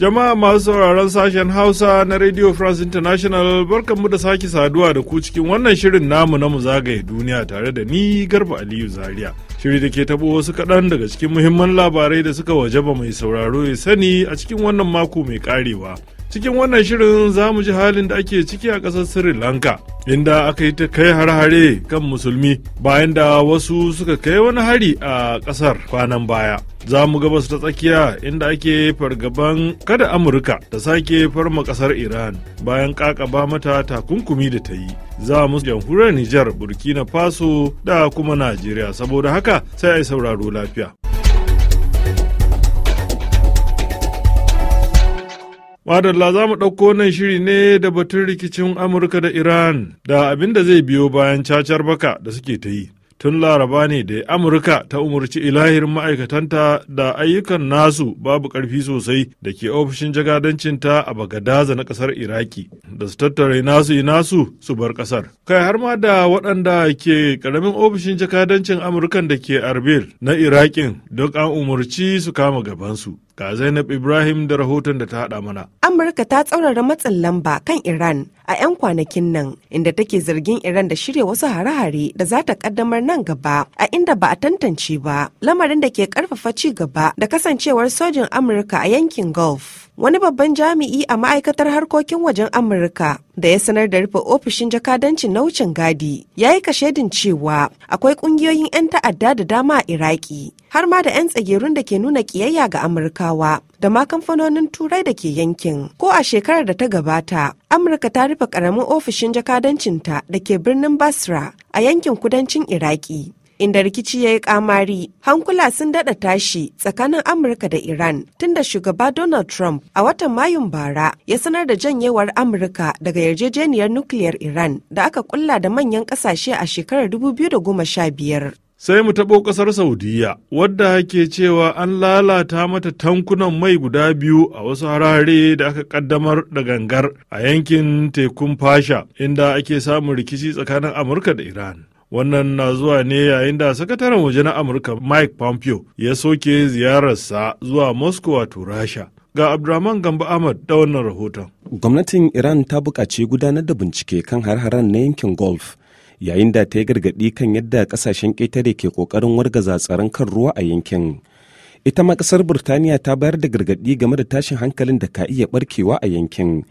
Jama'a masu sauraron sashen Hausa na Radio France International barkanmu da sake saduwa da ku cikin wannan shirin namu na mu zagaye duniya tare da ni Garba Aliyu Zaria. Shiri da ke tabo wasu kaɗan daga cikin muhimman labarai da suka waje wajaba mai sauraro ya sani a cikin wannan mako mai karewa. Cikin wannan shirin za mu ji halin da ake ciki a ƙasar Sri Lanka, inda aka yi ta kai har-hare kan musulmi bayan da wasu suka kai wani hari a ƙasar kwanan baya. za mu gabas ta tsakiya inda ake fargaban kada amurka ta sake farma kasar iran bayan kakaba mata takunkumi da ta yi za mu jamhuriyar nijar burkina faso da kuma najeriya saboda haka sai a yi sauraro lafiya Madalla za mu ɗauko nan shiri ne da batun rikicin Amurka da Iran da abin da zai biyo bayan cacar baka da suke ta yi. tun laraba ne da amurka ta umarci ilahirin ma'aikatanta da ayyukan nasu babu karfi sosai da ke ofishin jagadancinta a bagadaza na kasar iraki da su tattara nasu inasu su bar kasar kai har ma da waɗanda ke karamin ofishin jakadancin amurkan da ke arbil na irakin duk an umarci su kama gabansu ga zainab ibrahim da rahoton da ta haɗa mana Amurka ta tsaurara matsin lamba kan Iran a 'yan kwanakin nan inda take zargin Iran da shirya wasu hare-hare da za ta kaddamar nan gaba a inda ba a tantance ba lamarin da ke karfafa ci gaba da kasancewar sojin Amurka a yankin Gulf. wani babban jami'i a ma'aikatar harkokin wajen amurka da ya sanar da rufe ofishin jakadancin na wucin gadi ya yi kashedin cewa akwai kungiyoyin 'yan ta'adda da dama a iraki har ma da 'yan tsagerun da ke nuna kiyayya ga amurkawa da ma kamfanonin turai da ke yankin ko a shekarar da ta gabata amurka ta rufe karamin ofishin jakadancinta da ke birnin basra a yankin kudancin iraki inda rikici ya yi kamari hankula sun dada tashi tsakanin amurka da iran tunda shugaba donald trump a watan mayun bara ya sanar da janyewar amurka daga yarjejeniyar nukiliyar iran da aka kulla da manyan kasashe a shekarar 2015 sai mu taɓo ƙasar saudiya wadda ke cewa an lalata mata tankunan mai guda biyu a wasu harare da aka ƙaddamar da gangar a yankin tekun fasha inda ake samun rikici tsakanin amurka da iran Wannan na zuwa ne yayin da sakataren waje na Amurka Mike Pompeo ya soke ziyararsa zuwa Moscow wato Rasha. Ga Abdurrahman Gambo Ahmad da wannan rahoton. Gwamnatin Iran ta buƙaci gudanar da bincike kan har-haren na yankin Golf yayin da ta yi gargaɗi kan yadda ƙasashen ƙetare ke ƙoƙarin wargaza tsaron kan ruwa a yankin. Ita ma ƙasar Burtaniya ta bayar da gargaɗi game da tashin hankalin da ka iya ɓarkewa a yankin.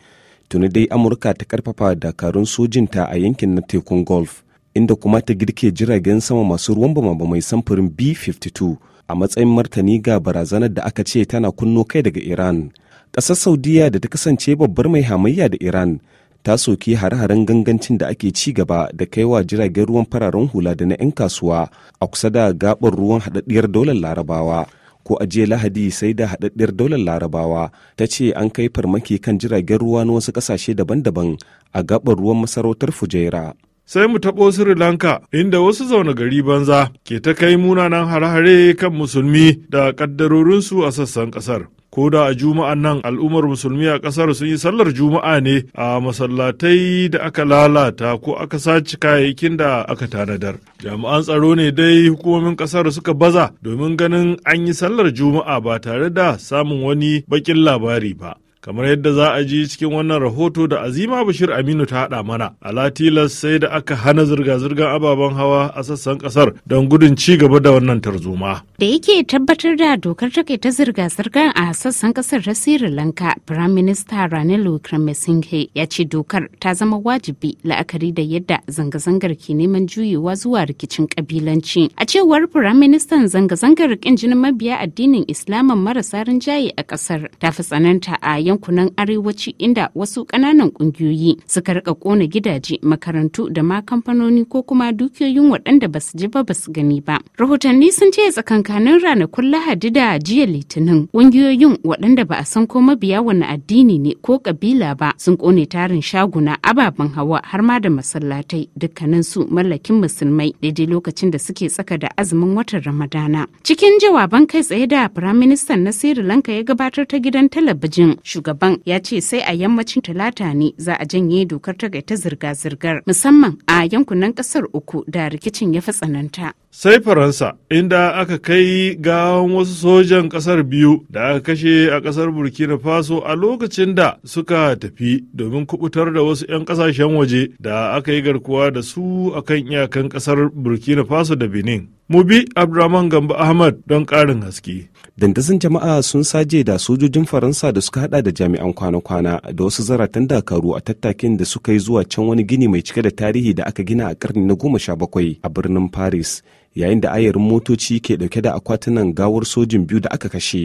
Tuni dai Amurka ta ƙarfafa dakarun sojinta a yankin na tekun Golf. inda kuma ta girke jiragen sama masu ruwan bama mai samfurin b-52 a matsayin martani ga barazanar da aka ce tana kunno kai daga iran ƙasar saudiya da ta kasance babbar mai hamayya da iran ta soki hare-haren gangancin da ake ci gaba da kaiwa jiragen ruwan fararen hula da na 'yan kasuwa a kusa da gabar ruwan haɗaɗɗiyar daular larabawa ko a jiya lahadi sai da haɗaɗɗiyar daular larabawa ta ce an kai farmaki kan jiragen ruwa na wasu ƙasashe daban-daban a gabar ruwan masarautar fujaira sai mu taɓo Sri Lanka inda wasu zaune gari banza ke ta kai munanan hare-hare kan musulmi da ƙaddarorinsu a sassan ƙasar. Ko da a juma'a nan al'ummar musulmi a ƙasar sun yi sallar juma'a ne a masallatai da aka lalata ko aka sace kayayyakin da aka tanadar. Jami'an tsaro ne dai hukumomin ƙasar suka baza domin ganin an yi sallar juma'a ba tare da samun wani baƙin labari ba. kamar yadda za a ji cikin wannan rahoto da azima bashir aminu ta haɗa mana a latilas sai da aka hana zirga-zirgar ababen hawa a sassan kasar don gudun ci gaba da wannan tarzoma da yake tabbatar da dokar takaita zirga-zirgar a sassan kasar ta sri lanka prime minister ranil wickremesinghe ya ce dokar ta zama wajibi la'akari da yadda zanga-zangar ke neman juyewa zuwa rikicin kabilanci a cewar prime minister zanga-zangar kin mabiya addinin islamin marasa rinjaye a kasar ta fi tsananta a yankunan arewaci inda wasu kananan ƙungiyoyi suka rika kona gidaje makarantu da ma kamfanoni ko kuma dukiyoyin waɗanda ba su ji ba ba su gani ba. Rahotanni sun ce tsakankanin ranakun Lahadi da jiya Litinin ƙungiyoyin waɗanda ba a san ko mabiya wani addini ne ko kabila ba sun kone tarin shaguna ababen hawa har ma da masallatai dukkanin su mallakin musulmai daidai lokacin da suke tsaka da azumin watan Ramadana. Cikin jawaban kai tsaye da Firaministan na Sri Lanka ya gabatar ta gidan talabijin shugaban ya ce sai a yammacin talata ne za a janye dokar ta ta zirga-zirgar musamman a yankunan kasar uku da rikicin ya fi tsananta. Sai Faransa inda aka kai gawan wasu sojan kasar biyu da aka kashe a kasar Burkina Faso a lokacin da suka tafi domin kubutar da wasu 'yan kasashen waje da aka yi garkuwa da su akan iyakan kasar Burkina Faso da Benin. mu bi abdulrahman gambo ahmad don ƙarin haske dandazon jama'a sun saje da sojojin faransa da suka hada da jami'an kwana-kwana da wasu zaratan dakaru a tattakin da suka yi zuwa can wani gini mai cike da tarihi da aka gina a karni na goma sha bakwai a birnin paris yayin da ayarin motoci ke dauke da akwatunan gawar sojin biyu da aka kashe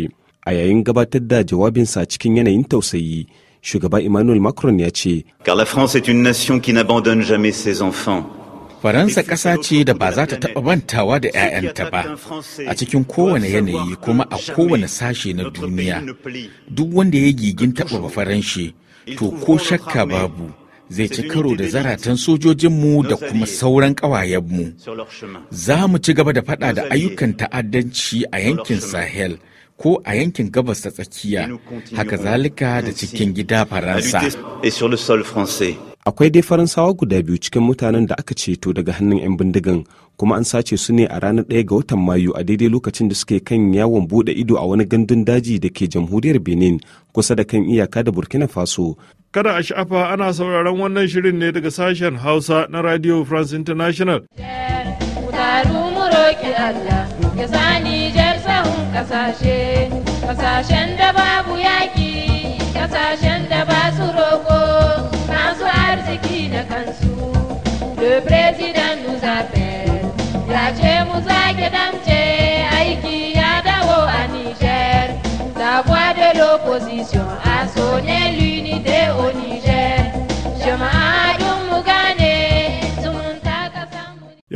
a yayin gabatar da jawabinsa cikin yanayin tausayi shugaba emmanuel macron ya ce car la france est une nation qui n'abandonne jamais ses enfants Faransa ƙasa ce da ba za ta taɓa bantawa da 'ya'yanta ba a cikin kowane yanayi kuma a kowane sashe na duniya. Duk wanda ya gigin taɓa ba Faranshe, to ko shakka babu. zai ci karo da zaratan sojojinmu da kuma sauran ƙawayenmu. Za mu ci gaba da faɗa da ayyukan ta'addanci a yankin Sahel ko a yankin gabas ta tsakiya, haka zalika da cikin gida Faransa. akwai dai faransawa guda biyu cikin mutanen da aka ceto daga hannun 'yan bindigan kuma an sace su ne a ranar 1 ga watan mayu a daidai lokacin da suke kan yawon bude ido a wani gandun daji da ke jamhuriyar benin kusa da kan iyaka da burkina faso kada a sha'afa ana sauraron wannan shirin ne daga sashen hausa na radio france international kasashen Presidente.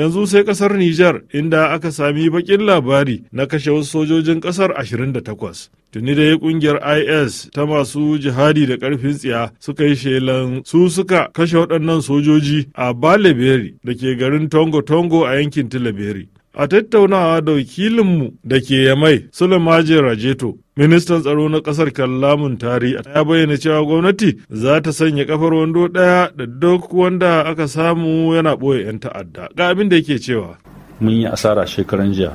yanzu sai kasar Nijar inda aka sami bakin labari na kashe wasu sojojin kasar 28. Tuni da ya kungiyar IS ta masu jihadi da karfin tsiya suka yi shelan su suka kashe waɗannan sojoji a Baleberi da ke garin Tongo Tongo a yankin Tilaberi. a tattaunawa da wakilinmu da ke yamai sulemaji rajeto ministan tsaro na kasar kallamun tari ya bayyana cewa gwamnati za ta sanya kafar wando daya da duk wanda aka samu yana ɓoye 'yan ta'adda ga abin da yake cewa mun yi asara shekaran jiya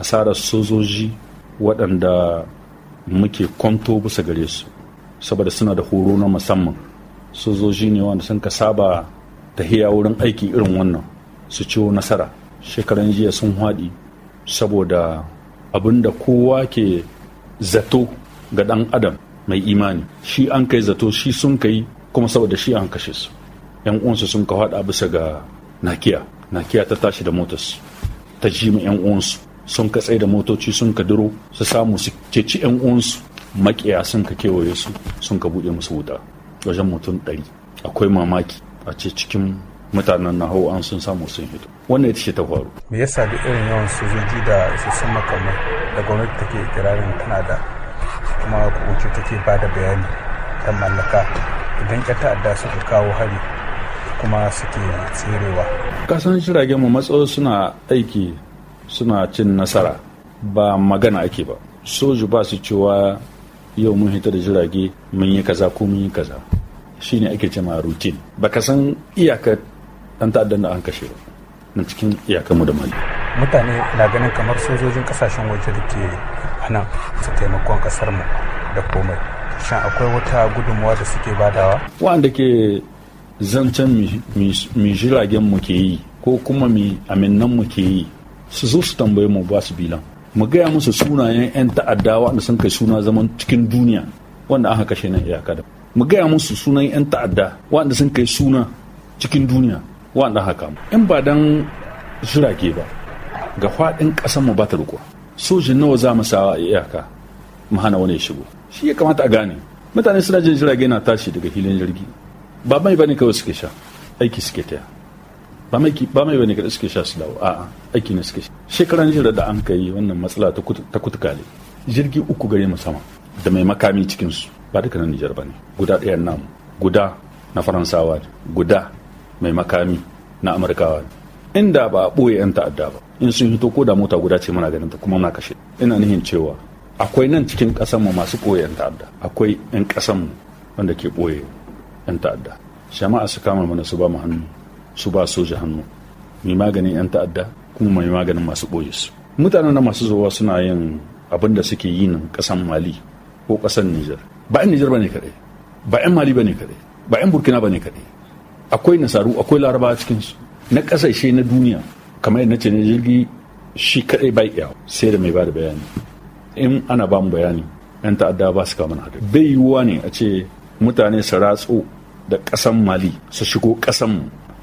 asarar sojoji waɗanda muke kwanto bisa gare su saboda suna da horo na musamman sojoji ne wanda sun ka saba tahiya wurin aiki irin wannan su ciwo nasara shekaran jiya sun haɗi saboda abin da kowa ke zato ga ɗan adam mai imani shi an kai zato shi sun kai kuma saboda shi an kashe su yan uwansu sun ka haɗa bisa ga nakiya nakiya ta tashi da motas ta ji ma yan uwansu sun ka tsaye da motoci sun ka duro su samu su ceci yan uwansu makiya sun ka kewaye su sun ka buɗe musu wuta wajen mutum ɗari akwai mamaki a ce cikin mutanen hau an sun samu sun hito wannan ita ce ta faru me yasa da irin yawan sojoji da isassun makamai da gwamnati take kirarin tana da kuma kokoki take ba da bayani kan mallaka idan ƴan ta'adda suka kawo hari kuma suke tserewa kasan jiragen mu matsayi suna aiki suna cin nasara ba magana ake ba soji ba su cewa yau mun hita da jirage mun yi kaza ko mun yi kaza shine ake cema rutin baka san iyakar dan ta da an kashe na nan cikin iyakanmu da mali mutane na ganin kamar sojojin kasashen waje da ke nan su taimakon kasar mu da komai shin akwai wata gudunmuwa da suke badawa wanda ke zancen mi jiragen mu ke yi ko kuma mi aminan mu ke yi su zo su tambaye mu ba su bilan mu gaya musu sunayen 'yan ta'adda wanda sun kai suna zaman cikin duniya wanda aka kashe na iyaka da mu gaya musu sunan 'yan ta'adda wanda sun kai suna cikin duniya wanda haka in ba dan jirage ba ga faɗin ƙasar mu ba ta riko sojin nawa za mu sawa iyaka mu hana wani ya shigo shi ya kamata a gane mutane suna jin jirage na tashi daga filin jirgi ba mai bane kawai suke sha aiki suke taya ba mai ba mai bane kawai suke sha su dawo a'a aiki ne suke sha shekaran jira da an kai wannan matsala ta kutukale jirgi uku gare mu sama da mai makami cikin su ba duka na Nijar bane guda ɗaya namu guda na Faransawa guda mai makami na amurkawa inda ba a ɓoye 'yan ta'adda ba in sun hito ko da mota guda ce muna ganin ta kuma muna kashe ina nihin cewa akwai nan cikin mu masu ɓoye 'yan ta'adda akwai 'yan mu wanda ke ɓoye 'yan ta'adda jama'a su kama mana su ba mu hannu su ba soja hannu mai maganin 'yan ta'adda kuma mai maganin masu ɓoye su mutanen da masu zuwa suna yin abin da suke yi nan ƙasan mali ko ƙasan nijar ba 'yan nijar ba ne kaɗai ba 'yan mali ba ne kaɗai ba 'yan burkina ba ne kaɗai akwai nasaru akwai laraba a cikinsu na ƙasashe na duniya kamar yadda ce na jirgi shi kaɗai bai iya sai da mai ba da bayani in ana ba mu bayani yan ta'adda ba su kama na bai yiwuwa ne a ce mutane su ratso da ƙasan mali su shigo ƙasan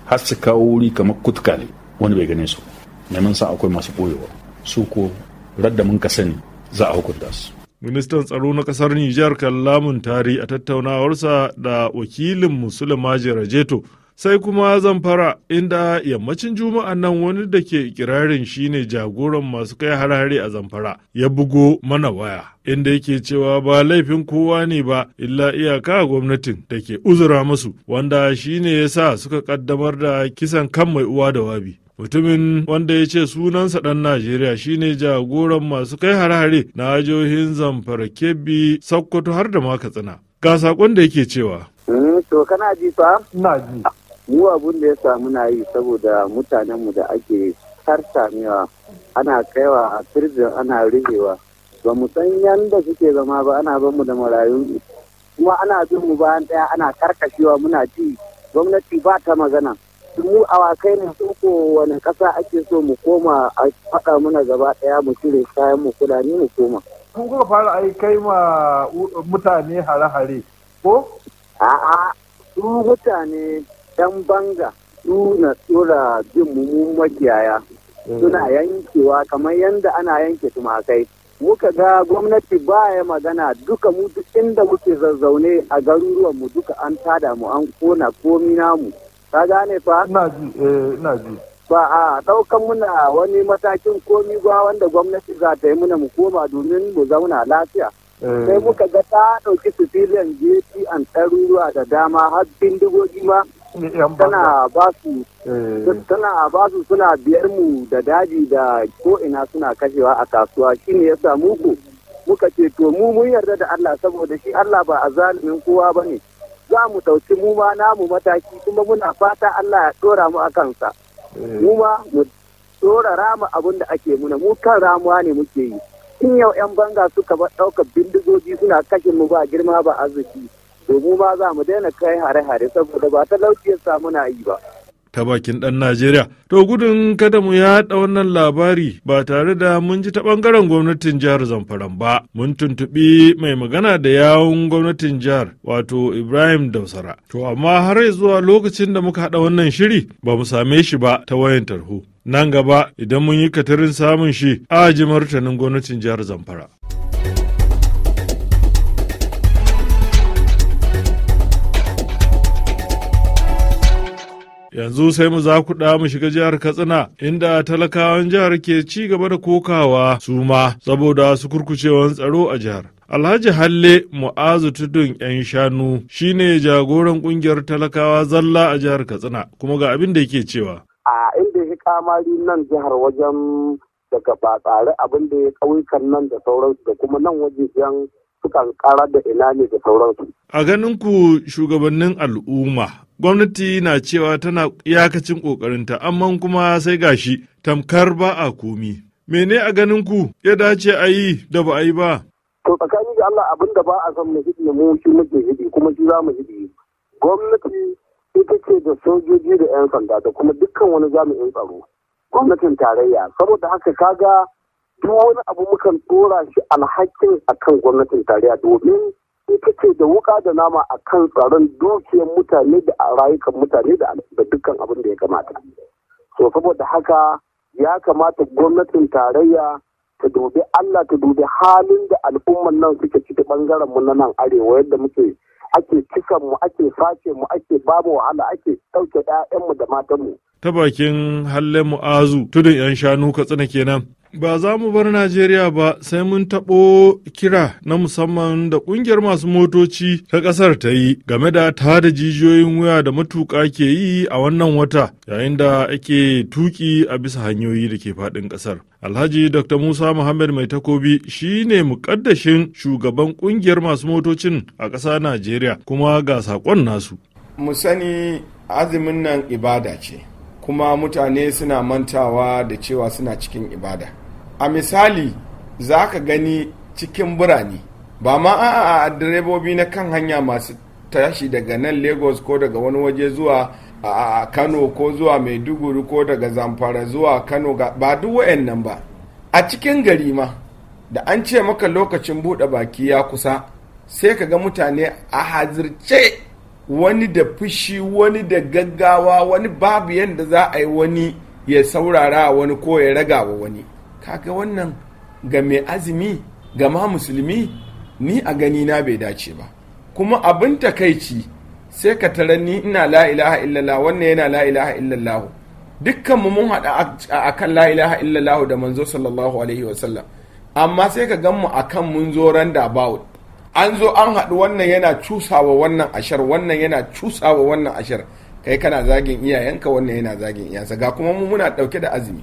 har su kawo wuri kamar kutkale wani bai gane su neman sa akwai masu ɓoyewa su ko radda mun ka sani za a hukunta su ministan tsaro na kasar Nijar kallamun tari a tattaunawarsa da wakilin musulma jirajeto sai kuma zamfara inda yammacin juma'a nan wani da ke kirarin shine jagoran masu kai harhare a zamfara ya bugo mana waya inda yake cewa ba laifin kowa ne ba illa iyaka gwamnatin da ke uzura masu wanda shine ya sa suka kaddamar da kisan kan mai uwa da wabi mutumin wanda ya ce sunansa dan najeriya shine jagoran masu kai hare-hare na jihohin zamfara kebbi sokoto har da ma katsina ga sakon da yake cewa eh, to kana ji fa mu abun da ya samu na yi saboda mutanenmu da ake har samewa ana kaiwa a firjin ana rigewa ba mu san yanda suke zama ba ana ban mu da marayun kuma ana bin bayan daya ana karkashewa muna ji gwamnati ba ta magana mu awakai ne su ko wani ƙasa ake so mu koma a faɗa muna gaba ɗaya mu cire kayan mu fulani mu koma. Kun kuka fara ai kai ma mutane hare-hare ko? A'a su mutane ɗan banga su na tsura jin mu makiyaya eh. suna yankewa kamar yanda ana yanke tumakai. muka ga gwamnati baya magana duka mu duk inda muke zazzaune a garuruwan mu duka an tada mu an kona komi namu ka gane fa ina ji eh ina ji ba a ɗaukan muna wani matakin komi ba wanda gwamnati za ta yi muna mu koma domin mu zauna lafiya eh. sai muka ga ta ɗauki civilian jeji an ɗaruruwa da dama har bindigogi ma tana ba eh. tana ba su suna biyar mu da daji da ko ina suna kashewa a kasuwa shine ya samu ku muka ce to mu mun yarda da Allah saboda shi Allah ba a zalimin kowa bane za mu ɗauki mu ma namu mataki kuma muna fata Allah ya dora mu a kansa. Eh. Mu ma mu dora rama abin da ake muna mu kan ramuwa ne muke yi. In yau 'yan banga suka ɗauka bindigogi suna kashin mu ba girma ba arziki. To mu ma za mu daina kai hare-hare saboda ba talauci ya muna yi ba. ta bakin ɗan Najeriya. To gudun kada mu ya yaɗa wannan labari ba tare da mun ji ta ɓangaren gwamnatin jihar Zamfaran ba. Mun tuntuɓi mai magana da yawun gwamnatin jihar wato Ibrahim Dausara. To amma har zuwa lokacin da muka haɗa wannan shiri ba mu same shi ba ta wayan tarho. Nan gaba idan mun yi katarin samun shi a ji martanin gwamnatin jihar Zamfara. yanzu sai mu za ku da mu shiga jihar katsina inda talakawan jihar ke ci gaba da kokawa su ma saboda su kurkucewan tsaro a jihar Alhaji Halle Mu'azu Tudun 'yan shanu shine jagoran kungiyar talakawa zalla a jihar Katsina kuma ga abin da yake cewa. A inda ya kamari nan jihar wajen daga ba tsare abin da ya ƙauyukan nan da sauransu da kuma nan wajen suka kara da ina ne da sauransu. A ganin ku shugabannin al'umma, gwamnati na cewa tana iyakacin ƙoƙarinta, amma kuma sai gashi tamkar ba a komi. Mene a ganin ku ya dace a yi da ba a yi ba? To tsakani da Allah abin da ba a son mu hidi mu shi muke hidi kuma shi za mu hidi. Gwamnati ita ce da sojoji da 'yan sanda da kuma dukkan wani jami'in tsaro. Gwamnatin tarayya saboda haka kaga duk wani abu mukan dora shi alhakin akan gwamnatin tarayya domin ita ce da wuka da nama a kan tsaron dukiyar mutane da rayukan mutane da dukkan abin da ya kamata. So saboda haka ya kamata gwamnatin tarayya ta dubi Allah ta dubi halin da al'umman nan suke ciki bangaren mu na nan arewa yadda muke ake kisan mu ake sace mu ake babu wahala ake ɗauke 'ya'yanmu da matanmu ta bakin halle mu'azu tudun 'yan shanu katsina kenan ba za mu bar Najeriya ba sai mun taɓo kira na musamman da ƙungiyar masu motoci ta ƙasar ta yi game da tada jijiyoyin wuya da matuƙa ke yi a wannan wata yayin da ake tuki a bisa hanyoyi da ke faɗin ƙasar. Alhaji Dr. Musa Muhammad Mai Takobi shi ne muƙaddashin shugaban ƙungiyar masu motocin a ƙasa Najeriya kuma ga saƙon nasu. Mu sani azumin nan ibada ce. kuma mutane suna mantawa da cewa suna cikin ibada a misali za ka gani cikin birane ba ma a direbobi na kan hanya masu tashi daga nan lagos ko daga wani waje zuwa a kano ko zuwa maiduguri ko daga zamfara zuwa kano ba duk wayannan ba a cikin gari ma da an ce maka lokacin buɗe baki ya kusa sai ka ga mutane a hazirce wani da fushi wani da gaggawa wani babu yadda za a yi wani ya saurara wani ko ya raga wa wani kaga wannan ga mai azumi gama musulmi ni a gani na bai dace ba kuma abin takaici sai ka tarar ni ina la ilaha illallah wannan yana la ilaha illallah dukkan mu mun hada akan la ilaha illallah da manzo sallallahu alaihi wasallam amma sai ka gan mu akan mun zo randa da an zo an haɗu wannan yana cusawa wannan ashar wannan yana cusawa wannan ashar kai kana zagin iyayenka wannan yana zagin iyansa ga kuma mu muna ɗauke da azumi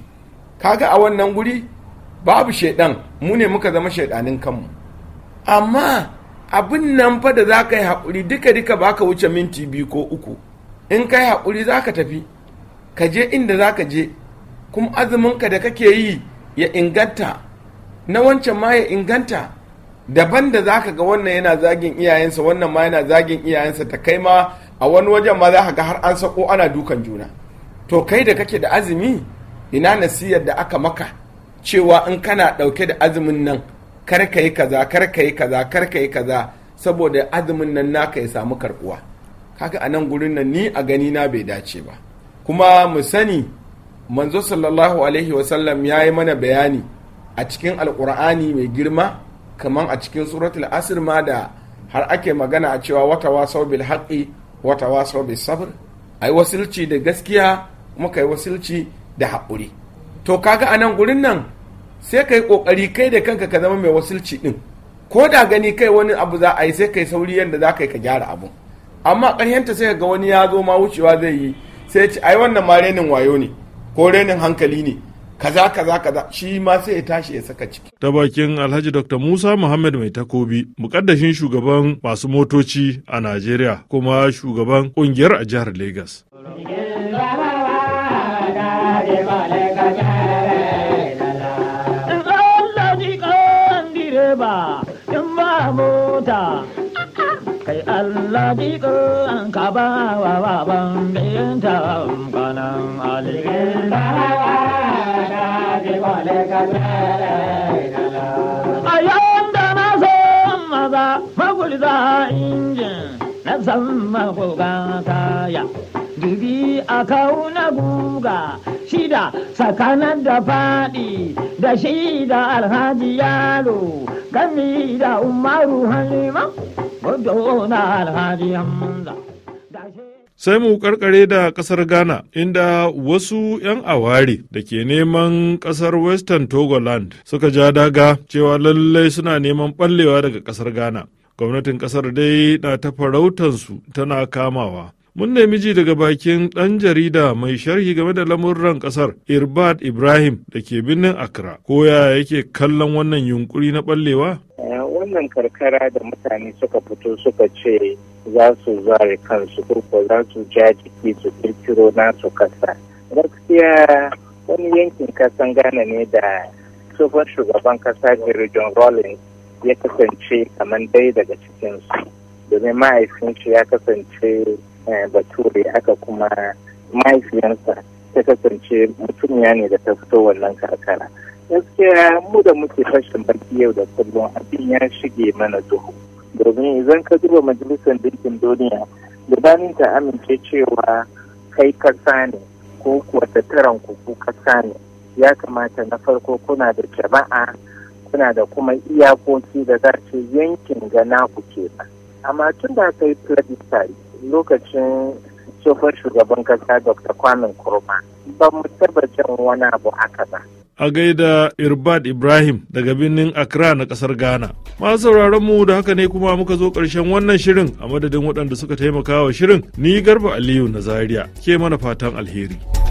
kaga a wannan guri babu shaidan mu ne muka zama shaidanin kanmu amma abin nan fa da za ka yi haƙuri duka duka ba ka wuce minti biyu ko uku in ka yi haƙuri za ka tafi ka je inda za ka je kuma azuminka da kake yi ya inganta na wancan ma ya inganta daban da zaka ga wannan yana zagin iyayensa wannan ma yana zagin iyayensa ta kai ma a wani wajen ma za ka ga har an sako ana dukan juna to kai da kake da azumi ina nasiyar da aka maka cewa in kana ɗauke da azumin nan kar ka yi kaza kar ka yi kaza kar ka yi kaza saboda azumin nan naka ya samu karbuwa kaga a nan gurin nan ni a gani na bai dace ba kuma mu sani manzo sallallahu alaihi wasallam ya yi mana bayani a cikin alkur'ani mai girma kamar a cikin suratul asir ma da har ake magana a cewa wata wasau bil haƙi wata wasau bil sabr ai wasilci da gaskiya kuma kai wasilci da haƙuri to kaga anan gurin nan sai kai kokari kai da kanka ka zama mai wasilci ɗin, ko da gani kai wani abu za a yi sai kai sauri yadda za ka yi ka gyara abu amma ƙanyanta sai ka ga wani ya zo ma wucewa zai yi sai ce ai wannan ma renin wayo ne ko renin hankali ne kaza kaza kaza shi ma sai ya tashi ya saka ciki. Ta bakin Alhaji Dr. Musa Muhammad Mai Takobi, mukaddashin shugaban masu motoci a Najeriya kuma shugaban kungiyar a jihar Legas. Allah ji an ka ba wa baban biyan ta kanan alikin A yau da na so maza magulza injin na san magoga ya Dubi a kauna guga shida tsakanin da faɗi da shi da alhaji yaro gami da umaru halima gudu na alhaji hamza. Sai mu karkare da kasar Ghana inda wasu 'yan aware da ke neman kasar Western Togoland suka ja daga cewa lallai suna neman ɓallewa daga kasar Ghana. Gwamnatin kasar dai na ta farautansu tana kamawa. Mun nemi ji daga bakin ɗan jarida mai sharhi game da lamurran ƙasar Irbad Ibrahim da ke birnin Accra. Ko ya yake kallon wannan yunkuri na ɓallewa? Eh, wannan karkara da mutane suka fito suka ce za su zare kansu ko za su ja jiki su kirkiro nasu kasa gaskiya wani yankin kasan ghana ne da tsohon shugaban kasa jerry john rawlings ya kasance kamar dai daga cikinsu domin mahaifinsu shi ya kasance eh, bature aka kuma mahaifiyarsa ta kasance mutumiya ne da ta fito wannan karkara gaskiya mu da muke fashin baki yau da kullum abin ya shige mana duhu domin idan ka duba majalisar ɗinkin duniya gabanin ta amince cewa kai kasa ne ko kuwa tattaran ku kasa ne ya kamata na farko kuna da jama'a kuna da kuma iyakoki da za ce yankin ga naku ke ba amma tun da kai yi plebiscite lokacin tsohon shugaban kasa dr kwamin kurma. ba mu taba jan wani abu haka ba a gaida Irbad Ibrahim daga birnin Accra na kasar Ghana. Masu sauraron mu da haka ne kuma muka zo karshen wannan shirin a madadin waɗanda suka taimaka wa shirin ni Garba Aliyu na Zaria ke mana fatan alheri.